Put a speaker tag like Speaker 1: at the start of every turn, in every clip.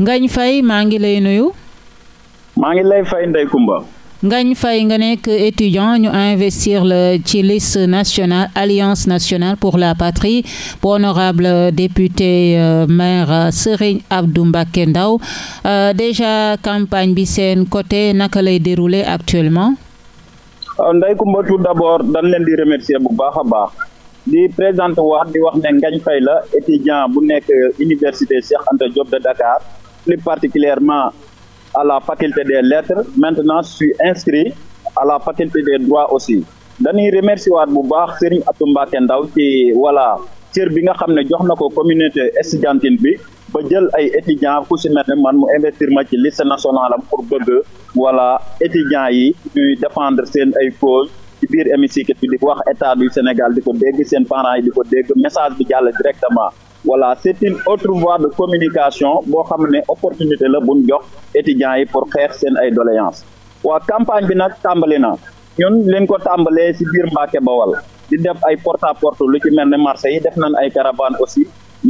Speaker 1: Ngagne fay maa ngi lay nuyu.
Speaker 2: maa ngi lay fay Ndeye Comba.
Speaker 1: Ngagne fay nga nekk étudiant ñu investir la ci liste nationale alliance nationale pour la patrie bu honorable député euh, maire Serigne Abdou Mbacké ndaw euh, déjà campagne bi seen côté naka lay dérouler actuellement.
Speaker 2: Euh, Ndeye Comba tout d'abord dañ leen di remercier bu baax a baax di présenté waat di wax ne Ngagne Faye la étudiant bu nekk université Cheikh Anta Diop de Dakar. plus particulièrement à la faculté des lettres maintenant je suis inscrit à la faculté des droits aussi dañuy remercier waat bu baax Serigne Atou Mbacké Ndaw ci wala cër bi nga xam ne jox na ko communauté estudiantine bi ba jël ay étudiants ku si man mu investir ma ci liste nationale am pour bëgg wala étudiants yi ñuy défendre seen ay cause ci biir hémicycle bi di ko wax état du Sénégal di ko dégg seen parents yi di ko dégg message bi jàll directement voilà c' est une autre voie de communication boo xam ne opportunité la buñ jox étudiants yi pour xeex seen ay doléances waa campagne bi nag tàmbali na ñun leen ko tàmbalee ci biir Mbàkke Bawal di def ay porte à porte lu ci mel ne marché yi def nañ ay caravane aussi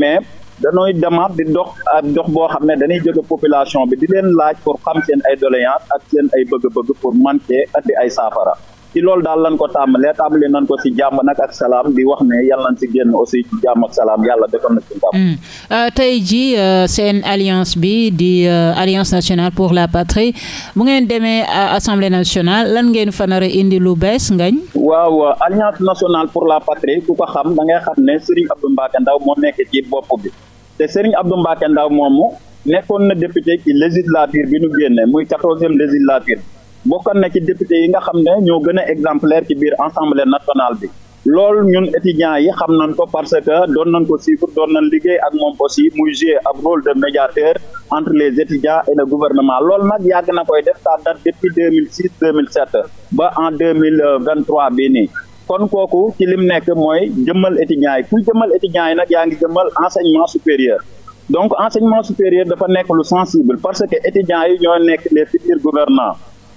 Speaker 2: mais dañooy demaat di dox ak dox boo xam ne dañuy jóge population bi di leen laaj pour xam seen ay doléances ak seen ay bëgg-bëgg pour mën cee andi ay saafara ci loolu daal lan ko tàmbalee tàmbali nan ko ci jàmm nag ak salaam di wax ne yàlla nañ ci génn aussi ci jàmm ak salaam yàlla defoon na ci ndam.
Speaker 1: Hmm. Euh, tey jii euh, seen alliance bi di euh, alliance nationale pour la patrie bu ngeen demee assemblée nationale lan ngeen fa indi lu bees ngañ.
Speaker 2: waaw alliance nationale pour la patrie ku ko xam da ngay xam ne Serigne Abdou Mbacké ndaw moo nekk ci bopp bi te Serigne Abdou Mbacké Ndao moomu nekkoon na député ci législature bi nu génne muy quatorzième législature. bokkoon na ci député yi nga xam ne ñoo gën a exemplaire ci biir assemblée nationale bi lool ñun étudiants yi xam nañ ko parce que doon nañ ko suivre doon nañ liggéey ak moom aussi muy jouer ab rôle de médiateur entre les étudiants et le gouvernement loolu nag yàgg na koy def ça date depuis 2006 2007 ba en 2023 bii nii kon kooku ci lim nekk mooy jëmal étudiants yi kuy jëmmal étudiants yi nag yaa ngi jëmmal enseignement supérieur donc enseignement supérieur dafa nekk lu sensible parce que étudiants yi ñoo nekk les futurs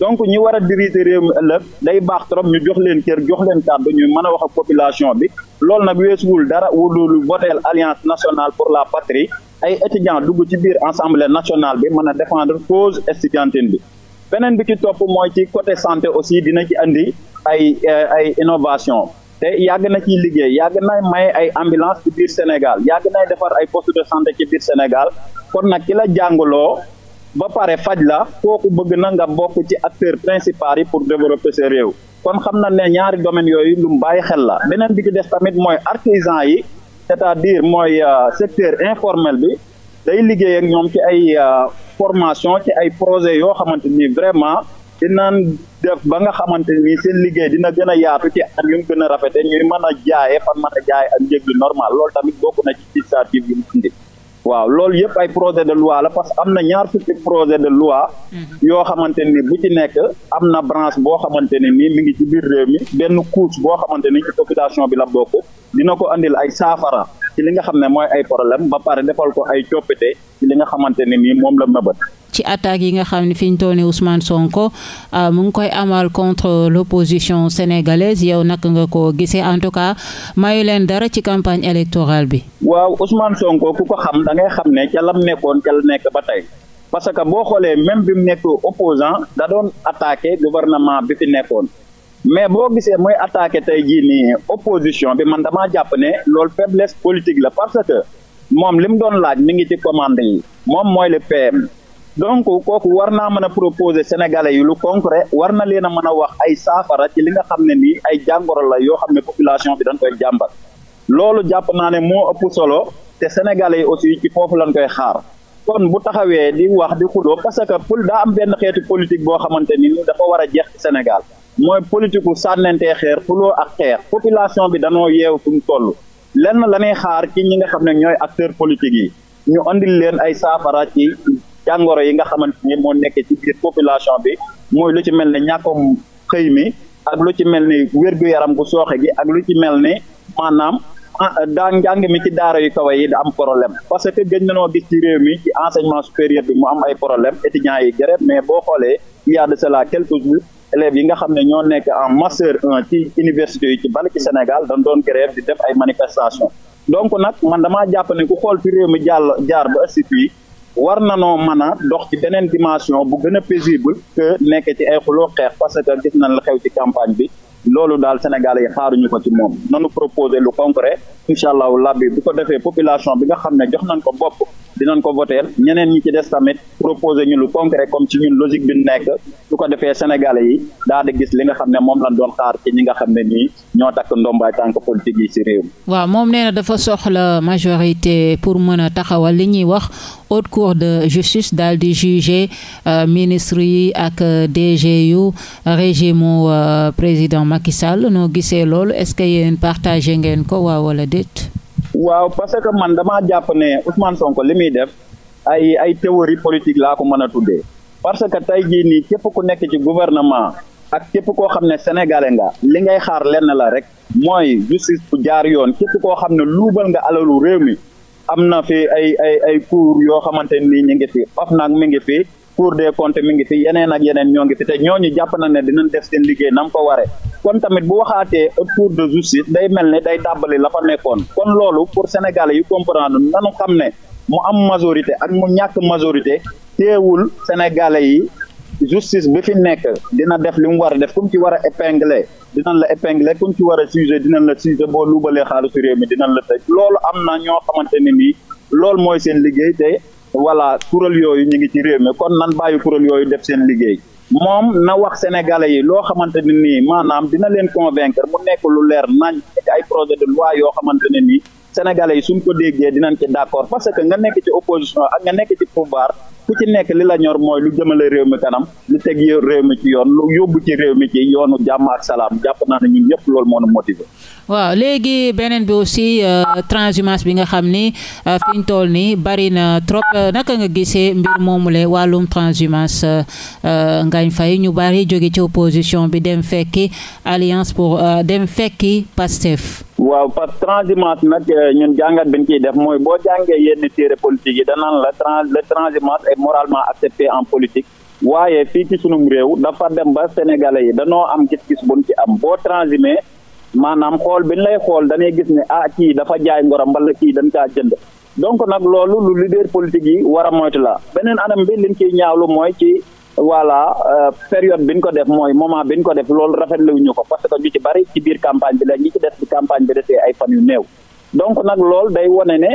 Speaker 2: donc ñi war a diriger réew mi ëllëg day baax trop ñu jox leen cër jox leen kàddu ñu mën a wax ak population bi loolu nag weesuwul dara wululu voteel alliance nationale pour la patrie ay étudiants dugg ci biir assemblée nationale bi mën a défendre cause estudiantine bi beneen bi ci topp mooy ci côté santé aussi dina ci andi ay euh, ay innovation te yàgg na ciy liggéey yàgg na may ay ambulance ci biir Sénégal yàgg nay defar ay poste de santé ci biir Sénégal kon nag ki la jàngaloo ba pare faj la kooku bëgg na nga bokk ci acteur principal yi pour développer sa réew kon xam na ne ñaari domaines yooyu lu mu bàyyi xel la beneen bi ci des tamit mooy artisan yi c'est-à-dire mooy euh, secteur informel bi day liggéey ak ñoom ci ay euh, formation ci ay projet yoo xamante ni vraiment dinaan def ba nga xamante ni seen liggéey dina gën a yaatu ci at yu gën a rafete ñuy mën a jaayee fan mën ak njëg normal loolu tamit bokk na ci ci yu mu waaw loolu yëpp ay projet de loi la parce que am na ñaar fukki projet de loi mhm. yoo xamante ni bu ci nekk am na branche boo xamante ne nii mi ngi ci biir réew mi benn couche boo xamante ni ci population bi la bokk dina ko andil ay saafara ci li nga xam ne mooy ay problème ba pare defal ko ay coppite ci li nga xamante ne nii
Speaker 1: moom la mëbët ci attaque yi nga xam ne fi ñu toll nii Ousmane Sonko euh, mu ngi koy amal contre l'opposition sénégalaise yow naka nga ko gise en tout cas mayu leen dara ci campagne électorale bi.
Speaker 2: waaw Ousmane Sonko ku ko xam da ngay xam ne ca lam nekkoon ca la nekk ba tey. parce que boo xoolee même bi mu nekk opposant da doon attaqué gouvernement bi fi nekkoon mais boo gisee muy attaque tey jii nii opposition bi man damaa jàpp ne loolu faiblesse politique la parce que moom li mu doon laaj mi ngi ci commande yi moom mooy le donc kooku war naa mën a proposer sénégalais yi lu concret war na leen a mën a wax ay saafara ci li nga xam ne nii ay jàngoro la yoo xam ne population bi dañ koy jàmbat loolu jàpp naa ne moo ëpp solo te sénégalais yi aussi ci foofu lañ koy xaar kon bu taxawee di wax di xudoo parce que pour daa am benn xeetu politique boo xamante nii dafa war a jeex ci Sénégal mooy politique u sànnantee xeer xuloo ak xeex population bi danoo yeew fu mu toll lenn la ñuy xaar ci ñi nga xam ne ñooy acteurs politiques yi ñu andil leen ay saafara ci jàngoro yi nga xamante ni moo nekk ci biir population bi mooy lu ci mel ne ñàkkum xëy mi ak lu ci mel ni wér-gu-yaram gu sooxe gi ak lu ci mel ni maanaam ah, daa njàng mi ci daara yi kawe yi da am problème parce que na nañoo gis ci réew mi ci enseignement supérieur bi mu am ay problème étudiants yi grève mais boo xoolee il y a de cela quelques élèves yi nga xam ne ñoo nekk en master 1 ci université yi ci bari ci Sénégal dan doon grève di def ay manifestation donc war na noo mën a dox ci beneen dimension bu gën a paisible que nekk ci ay xuloo xeex parce que gis nañ la xew ci campagne bi loolu daal Sénégal yi xaaruñu ko ci moom nanu proposé lu concret incha allahu rabbi bu ko defee population bi nga xam ne jox nañ ko bopp dinañ ko voter ñeneen ñi ci des tamit proposer ñu lu concret comme ci ñun logique bi nekk su ko defee sénégalais yi daal di gis li nga xam ne moom la doon xaar ci ñi nga xam ne nii ñoo takk ndombaay tànk politique yi ci réew mi.
Speaker 1: waaw moom nee dafa soxla majorité pour mën a taxawal li ñuy wax haute cour de justice daal di juger euh, ministre yi ak euh, DG yu régime euh, président Macky Sall noo gisee loolu est-ce que yéen partagé ngeen ko waa wala déet.
Speaker 2: waaw parce que man dama jàpp ne Ousmane Sonko li muy def ay ay théorie politique laa ko mën a tuddee parce que tey jii nii képp ku nekk ci gouvernement ak képp koo xam ne sénégalais nga li ngay xaar lenn la rek mooy justice bu jaar yoon képp koo xam ne luubal nga alalu réew mi am na fi ay ay ay cour yoo xamante nii ñu ngi fi OFNAC mi ngi fi cour des comptes mi ngi fi yeneen ak yeneen ñoo ngi fi te ñooñu jàpp na ne dinañ def seen liggéey nam ko waree kon tamit bu waxaatee haute cour de justice day mel ne day dàbbali la fa nekkoon kon loolu pour sénégalais yu comprendre nanu xam ne mu am majorité ak mu ñàkk majorité teewul sénégalais yi justice bi fi nekk dina def li mu war a def kum ci war a épingler dinañ la épingler kum ci war a sujet dinañ la sujet boo luubalee xaalisu réew mi dinañ la tëj loolu am na ñoo xamante ne nii loolu mooy liggéey voilà kuréel yooyu ñu ngi ci réew mi kon nan bàyyi kuréel yooyu def seen liggéey moom na wax sénégalais yi loo xamante ne nii maanaam dina leen convaincre mu nekk lu leer nañ ay projets de loi yoo xamante ne nii sénégalais yi suñ ko déggee dinañ ci d'accord parce que nga nekk ci opposition ak nga nekk ci pouvoir ku ci nekk li la mooy lu jëmale réew mi kanam lu teg réew mi ci yoon lu ci réew mi ci yoonu jàmm ak salaam jàpp naa ne ñëpp loolu moo nu
Speaker 1: waaw léegi beneen bi aussi euh, transhumance bi nga xam ni euh, fi ñu toll nii na trop euh, naka nga gisee mbir moomule wàllum transhumance Ngagne Faye ñu bari jóge ci opposition bi dem fekki alliance pour dem fekki waaw parce que transhumance
Speaker 2: nag euh, ñun jàngat bi ñu ciy def mooy boo jàngee yenn téere politique yi danaan la trans le transhumance moralement accepté en politique waaye fii ci sunum réew dafa dem ba sénégalais yi danoo am gis-gis buñ ci am boo transhumé maanaam xool bi lay xool dañuy gis ne ah kii dafa jaay ngoram wala kii dañ kaa jënd donc nag loolu lu leader politique yi war a moytu la beneen anam bi liñ ciy ñaawlu mooy ci voilà euh, période bi ñu ko def mooy moment bi ñu ko def loolu rafetlu bi lañ campagne bi desee ay fan yu new donc nag loolu day wone ne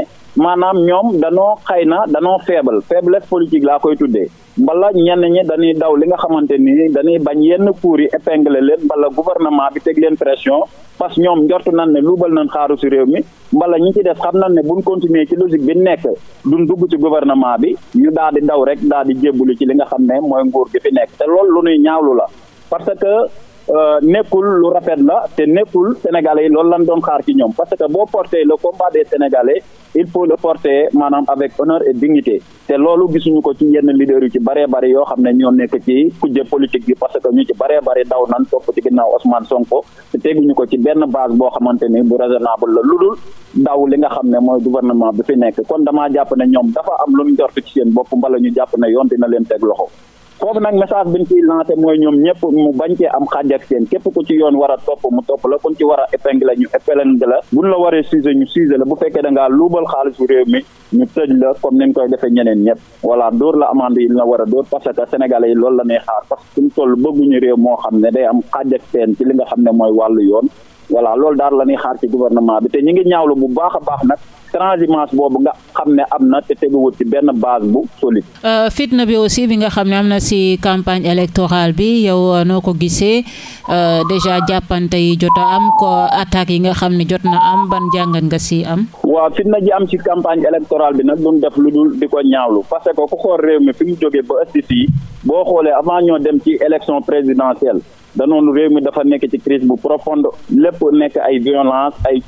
Speaker 2: maanaam ñoom danoo xëy na danoo faible faiblesse politique laa koy tuddee mbala ñenn ñi dañuy daw li nga xamante nii dañuy bañ yenn cour yi épingle leen mbala gouvernement bi teg leen pression parce que ñoom njort nañ ne luubal nañ xaaru si réew mi mbala ñi ci def xam nañ ne buñ continuer ci logique bi nekk duñ dugg ci gouvernement bi ñu daal di daw rek daal di jébbali ci li nga xam ne mooy nguur gi fi nekk te loolu lu ñuy ñaawlu la Euh, nekkul lu rafet la te nekkul sénégalais yi loolu lan doon xaar ci ñoom parce que boo porté le ko des sénégalais il faut le porter maanaam avec honneur et dignité te loolu gisuñu ko ci yenn leaders yu ci bëree bëri yoo xam ne ñoo nekk ci kujje politique bi parce que ñu ci bëree bëri daw nan topp ci ginnaaw Ousmane Sonko te teguñu ko ci benn base boo xamante ni bu raisonnable la lu dul daw li nga xam ne mooy gouvernement bu fi nekk kon damaa jàpp ne ñoom dafa am lu ñu jort ci seen bopp mbala ñu jàpp ne yoon dina leen teg foofu nag message bi ñu ciy lancé mooy ñoom ñëpp mu bañ cee am xàjj ak képp ku ci yoon war a topp mu topp la kun ci war a épingle ñu épingle la buñ la waree sujet ñu sujet la bu fekkee da ngaa luubal xaalisu réew mi ñu tëj la comme ni koy defee ñeneen ñëpp wala dóor la amande yi la war a dóor parce que sénégalais yi loolu la ñuy xaar parce que suñ toll bëgguñu réew moo xam ne day am xàjj ak seen ci li nga xam ne mooy wàllu yoon voilà loolu daal la ñuy xaar ci bi te ñi ngi ñaawlu bu baax a baax nag transhumance boobu nga xam ne am na te teguwul ci benn base bu solide.
Speaker 1: Euh, fitna bi aussi bi nga xam ne am na si campagne électorale bi yow euh, noo ko gisee euh, déjà jàppante yi jot am ko attaques yi nga xam ne jot na am ban jàngat nga si am.
Speaker 2: waaw fitna ji am ci campagne électorale bi nag duñ def lu dul di ko ñaawlu parce que ku xool réew mi fi mu jógee ba ësti fii boo xoolee avant ñoo dem ci élection présidentielle. danoonu réew mi dafa nekk ci crise bu profonde lépp nekk ay ay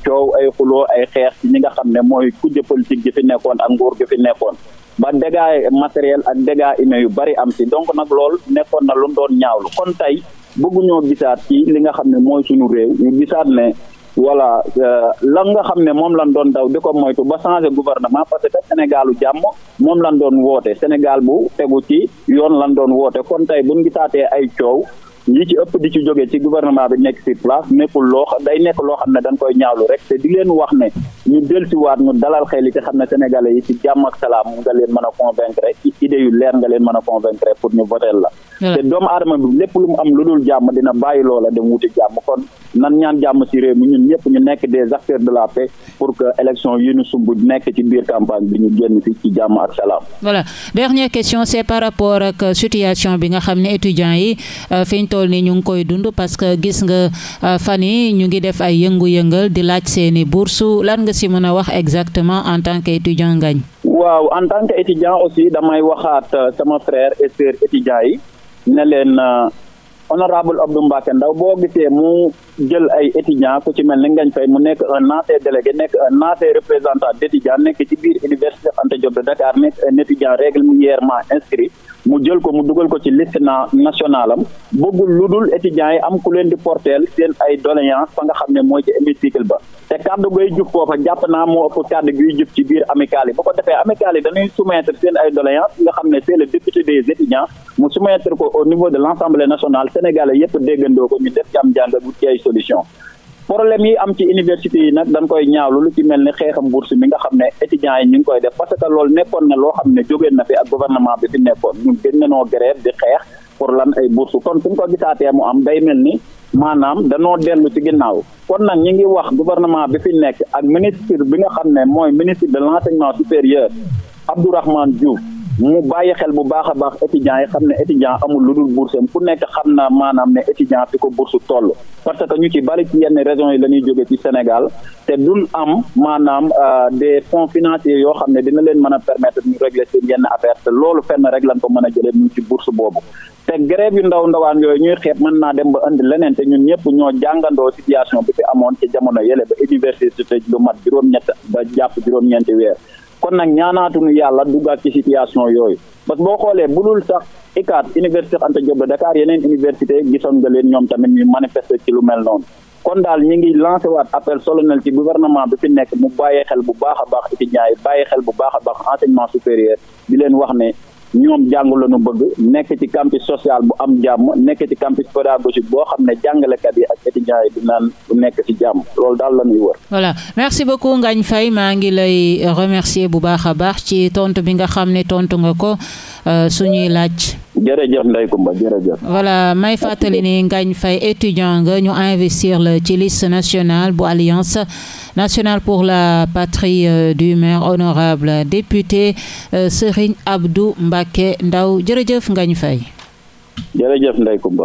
Speaker 2: mooy kujje politique gi fi nekkoon ak nguur gi fi nekkoon ba dégâts matériel ak dégâts humains yu bari am si donc nag lool nekkoon na lu doon ñaawlu kon tey bëgguñoo gisaat ci li nga xam ne mooy suñu réew ñu gisaat ne voilà euh, la nga xam ne moom lan doon daw di ko moytu ba changer gouvernement parce que Sénégalu jàmm moom la doon woote Sénégal bu tegu ci yoon lan doon woote kon tey buñ gisaatee ay coow li ci ëpp di ci jógee ci gouvernement bi nekk sur place nekkul loo xam day nekk loo xam ne dañ koy ñaawlu rek te di leen wax ne ñu dellusiwaat ñu dalal xel yi te xam ne sénégalais yi ci jàmm ak salaam nga leen mën a convaincre ci idée yu leer nga leen mën a convaincre pour ñu votel la te doomu aadama bi lépp lu mu am lu dul jàmm dina bàyyi loola dem wuti jàmm kon nan ñaan jàmm ci réew mi ñun ñëpp ñu nekk des acteurs de la paix pour que élection yi ñu sumb
Speaker 1: toll nii ñu ngi koy dund parce que gis nga euh, fan yi ñu ngi def ay yëngu-yëngal di laaj seeni bourse lan nga si mën a wax exactement en tant que étudiant ngañ
Speaker 2: waaw en tant que étudiant aussi damay waxaat euh, sama frère et sœur étudiant yi ne leen euh, honorable Abdou Mbacké Ndao boo gisee mu jël ay étudiants ku ci mel ni Ngagne Faye mu nekk un ancien délégué nekk un ancien représentant d' étudiant nekk ci biir université Anta Diop de Dakar nekk un étudiant régulièrement inscrit mu jël ko mu dugal ko ci liste na nationale am bëggul lu dul étudiants yi am ku leen di porteel seen ay doléance fa nga xam ne mooy ci hémicycle ba te kàddu guy jub foofa jàpp naa moo ëpp kàddu guy jub ci biir amicale yi bu ko defee amicale yi dañuy soumettre seen ay doléance nga xam ne c'est le député des étudiants mu soumettre ko au niveau de l'Assemblée nationale sénégalais yépp déggandoo ko ñu def ci am jàng bu ci ay solution problème yi am ci université yi nag dañ koy ñaawlu lu ci mel ni xeexam bourse mi nga xam ne étudiants yi ñu ngi koy def parce que loolu nekkoon na loo xam ne jógeen na fi ak gouvernement bi fi nekkoon ñun gën na noo grève di xeex pour lan ay bourse kon suñ ko gisaatee mu am day mel ni maanaam danoo dellu ci ginnaaw kon nag ñi ngi wax gouvernement bi fi nekk ak ministre bi nga xam ne mooy ministre de l'enseignement supérieur Abdourahmane Diouf mu bàyyi xel bu baax a baax étudiants yi xam ne étudiant amul lu dul bourse ku nekk xam na maanaam ne étudiant fi ko bourse toll parce que ñu ci bari ci yenn régions yi la ñuy jóge ci Sénégal te dul am maanaam euh, de fonds financier yoo xam ne dina leen mën a permettre ñu régler seen yenn affaire te loolu fenn rek lañ ko mën a jëlee ñu ci bourse boobu te grève yu ndaw ndawaan yooyu ñuy xeet mën naa dem ba indi leneen te ñun ñëpp ñoo jàngandoo situation bu fi amoon ci jamono yële ba université lu mat juróom-ñett ba jàpp juróom-ñeenti weer kon nag ñaanaatuñu yàlla duggaat ci situation yooyu parce que boo xoolee bu dul sax ICAT université Anta Diop de Dakar yeneen université gisoon nga leen ñoom tamit ñu manifester ci lu mel noonu kon daal ñu ngi lancé waat appel solennel ci gouvernement bi fi nekk mu bàyyi xel bu baax a baax étudiants yi bàyyi xel bu baax a baax enseignement supérieur di leen wax ne ñoom jàng la ñu bëgg nekk ci campus social bu am jàmm nekk ci campus pédagogique boo xam ne jàngalekat yi ak étudiants yi dinaan nekk ci jàmm loolu daal la wër.
Speaker 1: voilà merci beaucoup ngañ Faye maa ngi lay remercier bu baax a baax ci tontu bi nga xam ne tontu nga ko euh, suñuy laaj. jërëjëf Ndeye Comba jërëjëf. voilà may fàttali ni Ngagne Faye étudiant nga ñu investir la ci liste national bu Alliance. nationale pour la patrie euh, du maire honorable député euh, Serigne Abdou Mbacké Ndao jërëjëf Ngagne Faye
Speaker 2: jërëjëf Ndeye Comba